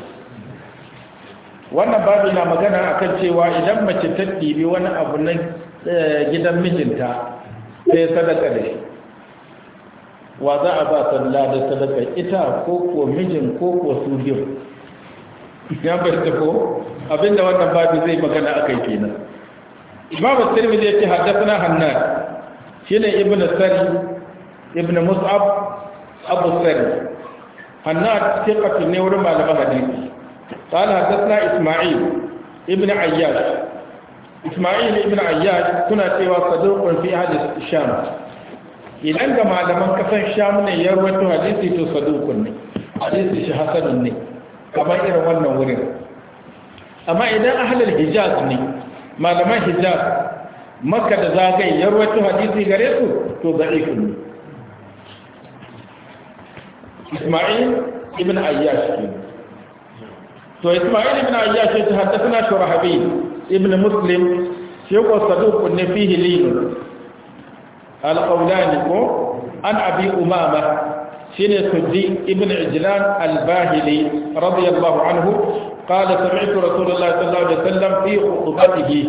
wannan babu na magana akan cewa idan mace ta ɗibi wani abu na eh, gidan mijinta sai sadaka da shi wa za a ba sallah da sadaka ita ko ko mijin ko ko su biyu ya barta ko abinda wannan babu zai magana akai kenan imamu tirmidhi yake haddathana hannan shine ibnu sari ibnu mus'ab abu sari hannad thiqatu ne wurin malaman hadisi قال حدثنا Isma'il Ibn عياش إسماعيل ابن عياش كنا سوى صدوق في أهل الشام idan ga malaman kasan sham ne ya rawaito hadisi to sadukun ne hadisi shi hasanun ne kamar irin wannan wurin amma idan ahlul hijaz ne malaman hijaz makka da zagaye ya rawaito hadisi gare su to da'ifun ne إسماعيل ابن أياش تو إسماعيل ابن أياش حدثنا شرحبيل ابن مسلم شيخ صدوق إن فيه لين القولان عن أبي أمامة شين سدي ابن عجلان الباهلي رضي الله عنه قال سمعت رسول الله صلى الله عليه وسلم في خطبته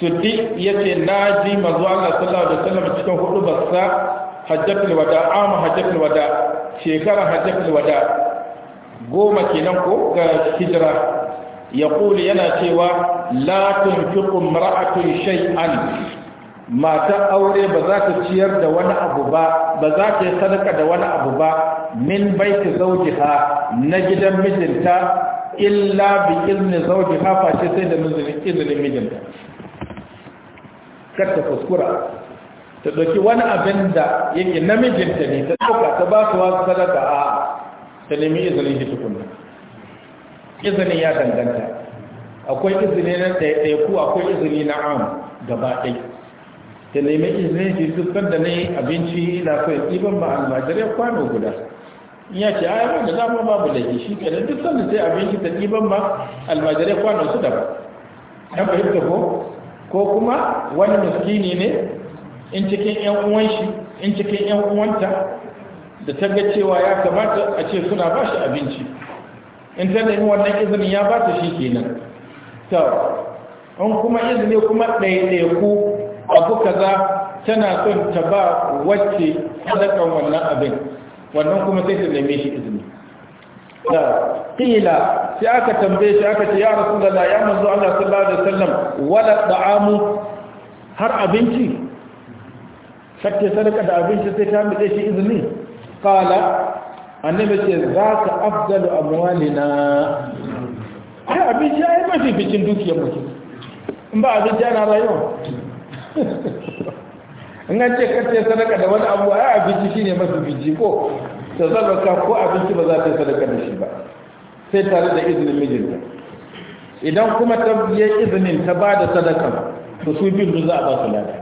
suddi ya ce na ji mazu Allah sallallahu alaihi wasallam cikin hudu bassa hajjatul wada amu hajjatul wada shekara hajjatul wada goma kenan ko ga hijira ya kula yana cewa la tunfiqu mar'atun shay'an mata aure ba za ta ciyar da wani abu ba ba za ta yi sadaka da wani abu ba min baiti zawjiha na gidan mijinta illa bi izni zawjiha fa sai da izinin mijinta kar ta kuskura ta ɗauki wani abin da yake namijinta ne ta ɗauka ta ba su wasu sadaka a ta nemi izinin shi tukunna izinin ya danganta akwai izini na ɗaiɗaiku akwai izini na am gaba ɗai ta nemi izinin shi dukkan da na yi abinci na so ɗiban ma almajirai kwano guda in ya ce ayaba da zama babu da shi kenan duk sanda sai abinci ta ɗiban ba almajirai kwano su daban ɗan fahimta ko ko kuma wani miskini ne in cikin yan uwan shi in cikin yan uwanta da ta ga cewa ya kamata a ce suna ba shi abinci in ta yi wannan izinin ya ba ta shi kenan to an kuma izini kuma ku abu kaza tana son ta ba wacce sadakan wannan abin wannan kuma sai ta neme shi izini da ƙila sai aka tambaye shi aka ce ya rasu da ya manzo Allah sallallahu alaihi wasallam wala ta'amu har abinci kacce sadaka da abinci sai ta miƙe shi izini kala annabi ce za ka afdalu amwalina ai abinci ai mafi bikin dukiyar mutum in ba abinci yana rayuwa in an ce kace sadaka da wani abu ai abinci shine mafi bici ko ta zalaka ko abinci ba za ta sadaka da shi ba sai tare da izinin mijinta idan kuma ta yi izinin ta ba da sadaka to su biyu za a ba su lada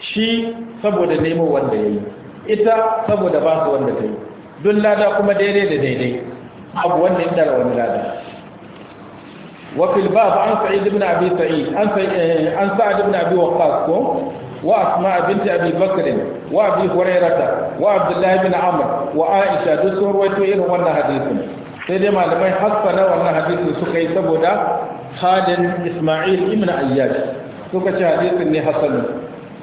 shi saboda neman wanda ya yi ita saboda ba su wanda ta yi don lada kuma daidai da daidai abu wanda ya dara wani lada wafil ba an sa'id ibn abi sa'id an sa'ad eh, ibn abi waqqas ko وأسماء بنت أبي بكر وأبي هريرة وعبد الله بن عمر وعائشة دسور وتوين وانا حديث سيدي ما لما يحصل وانا حديث سكي سبودا خالد إسماعيل ابن أياد سكي حديث اللي حصل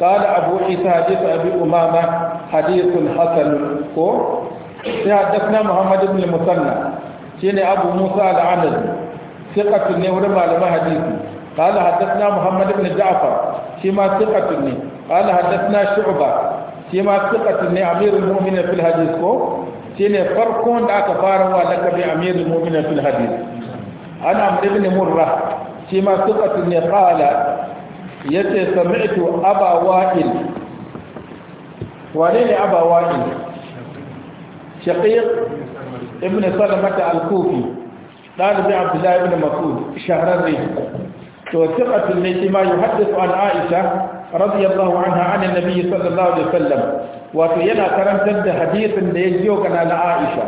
قال أبو عيسى حديث أبي أمامة حديث حسن كو حدثنا محمد بن المثنى شين أبو موسى العنز ثقة ولما علم حديث قال حدثنا محمد بن جعفر شما ثقة قال حدثنا شعبة شما ثقة أمير المؤمنين في الحديث كو شين فرقون أكبر ولك بأمير المؤمنين في الحديث أنا عمرو بن مرة شما ثقة قال yace sami'tu aba wa'il wane ne aba wa'il shaqiq ibn salamata al-kufi dalibi abdullahi ibn mas'ud shahrani to thiqatul lati ma yuhaddithu an aisha radiyallahu anha an an-nabi sallallahu alaihi wasallam wato yana karantar da hadithin da ya jiyo kana na aisha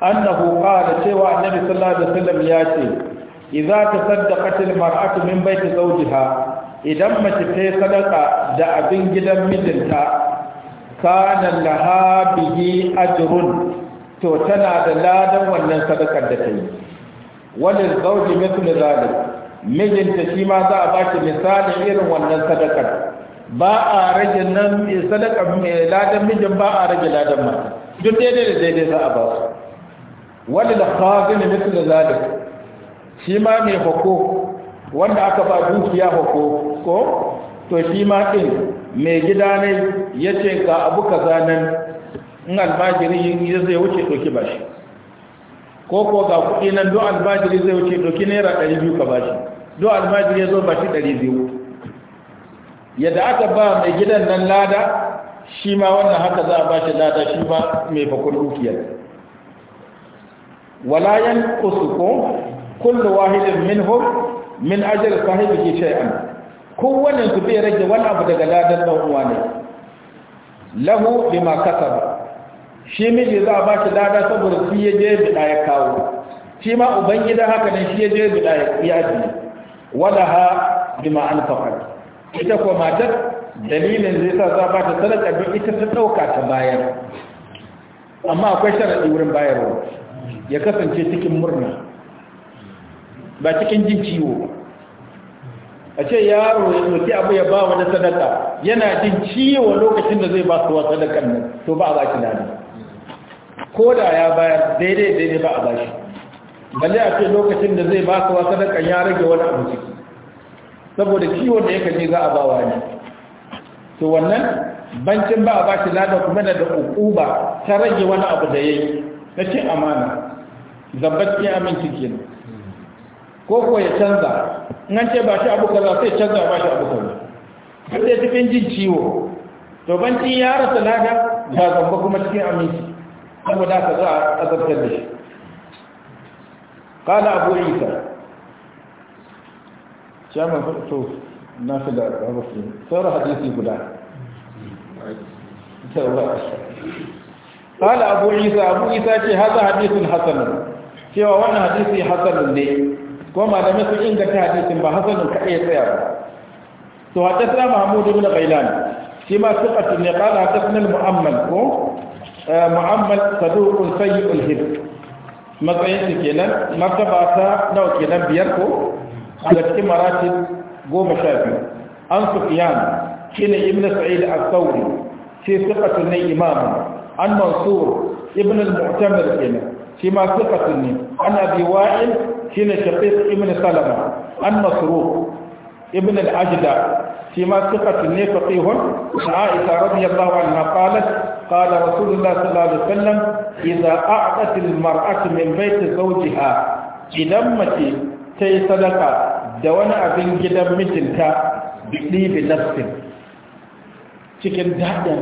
annahu qala cewa annabi sallallahu alaihi wasallam ya ce إذا تصدقت المرأة من بيت زوجها idan mace ta yi sadaka da abin gidan mijinta kana laha bihi ajrun to tana da ladan wannan sadakar da ta yi walil zawji mithlu zalik mijinta shi ma za a baki misalin irin wannan sadakar ba a rage nan sadakar ladan mijin ba a rage ladan mata duk daidai da daidai za a ba su walil khazin mithlu zalik shi ma mai hukuku wanda aka ba dukiya hako ko to shi ma ɗin mai gida ne ya ce ga abu kaza nan in albajiri ya zai wuce ɗauki ba shi ko ko ga kuɗi nan don albajiri zai wuce ɗauki naira ɗari biyu ka ba shi don albajiri ya zo ba shi ɗari biyu yadda aka ba mai gidan nan lada shi ma wannan haka za a ba shi lada shi ma mai fakon dukiyar walayan kusuko kullu wahidin minhum min ajal sahibi shay'an wannan su bai rage wani abu daga ladan dan uwa ne lahu bima kasaba shi miji za ba shi lada saboda shi ya je bi ya kawo shi ma ubangida haka ne shi ya je bida ya ji wala ha bima anfaqat ita ko matar dalilin zai sa za ba ta sadaka don ita ta ɗauka ta bayar amma akwai sharadi wurin bayarwa ya kasance cikin murna ba cikin jin ciwo a ce yaro ya soki abu ya ba wani sadaka yana jin ciwo lokacin da zai ba su wasu sadakan nan to ba a ba shi nani ko da ya bayar daidai daidai ba a ba shi balle a ce lokacin da zai ba su wasu sadakan ya rage wani abu ciki saboda ciwon da ya kaji za a ba wa ne to wannan bancin ba a ba shi lada kuma na da ukuba ta rage wani abu da ya yi, na cin amana zabbat ya aminci kenan ko ko ya canza nan ce ba shi abu kaza sai canza ba shi abu kaza sai dai cikin jin ciwo to banci ya rasa lada ba zamba kuma cikin aminci saboda ka za a azabtar da shi kala abu isa shaman to na ce da abu su sauran hadisi guda قال أبو عيسى أبو عيسى هذا حديث حسن سوى وانا حديث حسن ليه ko malamai sun inganta hadisin ba hasanin ka iya tsaya ba to haddathna mahmud ibn ghailan shi ma thiqatun ne qala haddathna al-mu'ammal ko eh, mu'ammal saduqun sayyi'ul hibr matsayin su kenan martaba ta nawa kenan biyar ko daga cikin maratib goma sha biyu an Shi ne ibn sa'id al-thawri shi thiqatun ne imam an mansur ibn al-mu'tamir kenan shi ma thiqatun ne an abi shine shafiq ibn salama an masruq ibn al ajda shi ma sifat ne faqihun aisha radiyallahu anha qalat qala rasulullah sallallahu alaihi wasallam idha a'tat al mar'atu min bayt zawjiha idan mace ta yi sadaka da wani abin gidan mijinta biɗi bi nafsin cikin daɗin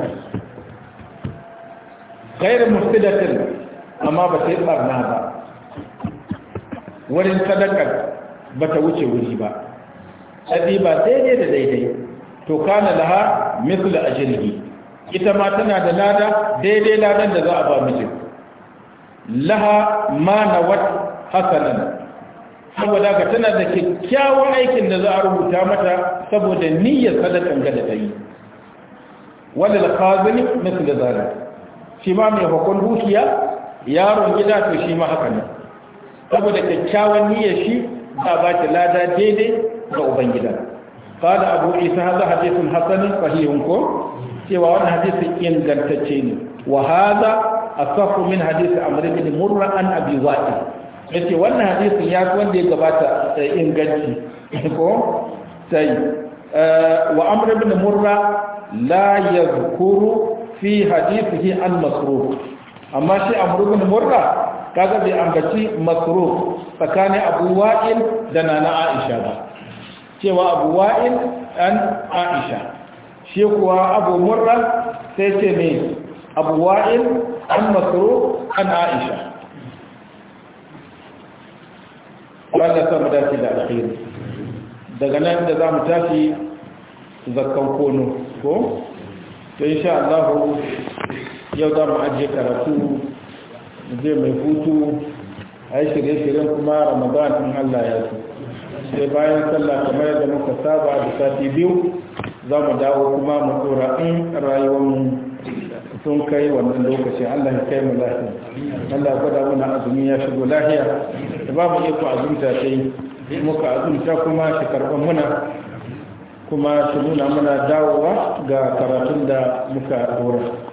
gairin musulatin amma ba ta yi ba wurin sadakar ba ta wuce wuri ba sadi ba daidai da daidai to kana laha mithlu ajrihi ita ma tana da lada daidai ladan da za a ba mijin laha ma nawat hasanan saboda ka tana da kyakkyawan aikin da za a rubuta mata saboda niyyar sadakan ga da ta yi wanda da kazini mithlu zalik shi ma mai hukun dukiya yaron gida to shi ma haka ne saboda kyakkyawan niyyar shi za a ba lada daidai ga ubangida qala abu isa hadha hadithun hasanun sahihun ko cewa wannan hadisi ingantacce ne wa hadha asahu min hadisi amr ibn murra an abi wa'il yace wannan hadisin ya fi wanda ya gabata eh, inganci ko sai eh, wa amr ibn murra la yadhkuru fi hadithihi an masruq amma shi amr ibn murra kaga bai ambaci makro tsakanin abu wa'il da na aisha ba cewa abu wa'il an aisha shi kuwa abu murra sai ce ne abu wa'il an makro an aisha wanda mu dace da alkhairu daga nan da za mu tashi zakkan kono ko to insha Allah yau za mu ajiye karatu je mai hutu a yi shirye-shiryen kuma ramadan in allah ya su sai bayan sallah kamar yadda muka saba da sati biyu za mu dawo kuma mu tsora in rayuwar sun kai wannan lokacin allah ya kai mu lafiya allah ya gwada muna azumi ya shigo lahiya. da ba mu iko azumta ta yi muka azumta kuma shi karɓar muna kuma shi nuna muna dawowa ga karatun da muka dora